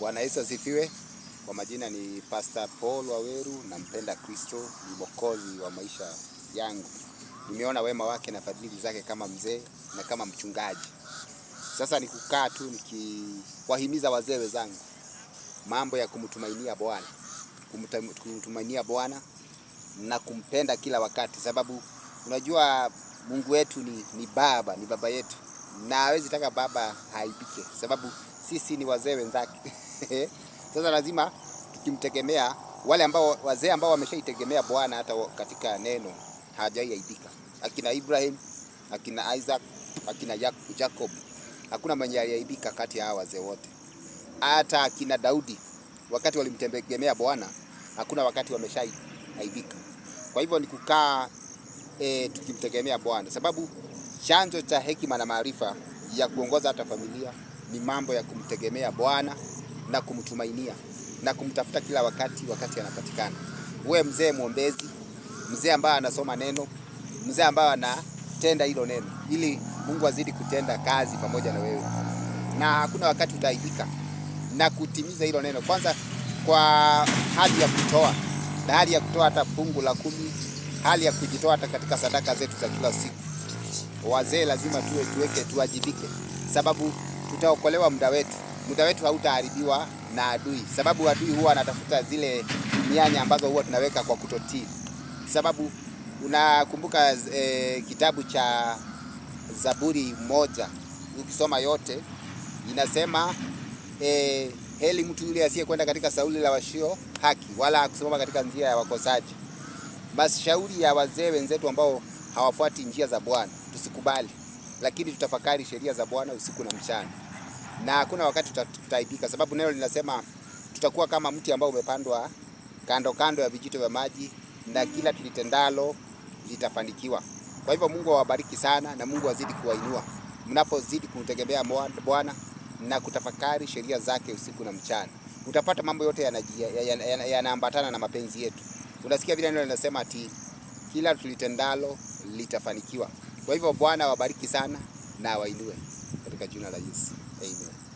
Bwana Yesu asifiwe. Kwa majina ni Pastor Paul Waweru, nampenda Kristo, ni mwokozi wa maisha yangu. Nimeona wema wake na fadhili zake kama mzee na kama mchungaji. Sasa ni kukaa tu nikiwahimiza wazee wenzangu mambo ya kumtumainia Bwana, kumtumainia Bwana na kumpenda kila wakati, sababu unajua Mungu wetu ni, ni baba ni baba yetu, na hawezi taka baba haibike, sababu sisi ni wazee wenzake. Sasa lazima tukimtegemea wale ambao wazee ambao wameshaitegemea Bwana hata katika neno hajaiaibika, akina Ibrahim, akina Isaac, akina Jacob, hakuna mwenye aliaibika kati ya wazee wote. Hata akina Daudi wakati walimtegemea Bwana, hakuna wakati wameshaaibika. Kwa hivyo ni kukaa e, tukimtegemea Bwana, sababu chanzo cha hekima na maarifa ya kuongoza hata familia ni mambo ya kumtegemea Bwana na kumtumainia na kumtafuta kila wakati, wakati anapatikana. Uwe mzee mwombezi, mzee ambaye anasoma neno, mzee ambaye anatenda hilo neno, ili Mungu azidi kutenda kazi pamoja na wewe, na hakuna wakati utaaibika na kutimiza hilo neno, kwanza kwa hali ya kutoa na hali ya kutoa hata fungu la kumi, hali ya kujitoa hata katika sadaka zetu za kila siku. Wazee lazima tuwe tuweke tuwajibike, sababu tutaokolewa muda wetu muda wetu hautaharibiwa na adui, sababu adui huwa anatafuta zile mianya ambazo huwa tunaweka kwa kutotii. Sababu unakumbuka e, kitabu cha Zaburi moja ukisoma yote inasema e, eh, heli mtu yule asiyekwenda katika sauli la washio haki, wala kusimama katika njia ya wakosaji. Mashauri ya wazee wenzetu ambao hawafuati njia za Bwana tusikubali, lakini tutafakari sheria za Bwana usiku na mchana na hakuna wakati tutaaibika, sababu neno linasema tutakuwa kama mti ambao umepandwa kando kando ya vijito vya maji na kila tulitendalo litafanikiwa. Kwa hivyo Mungu awabariki sana na Mungu azidi kuwainua mnapozidi kumtegemea Bwana na kutafakari sheria zake usiku na mchana, utapata mambo yote yanaambatana ya, ya, ya na mapenzi yetu. Unasikia vile neno linasema ati kila tulitendalo litafanikiwa. Kwa hivyo Bwana awabariki sana na wainue katika jina la Yesu. Amen.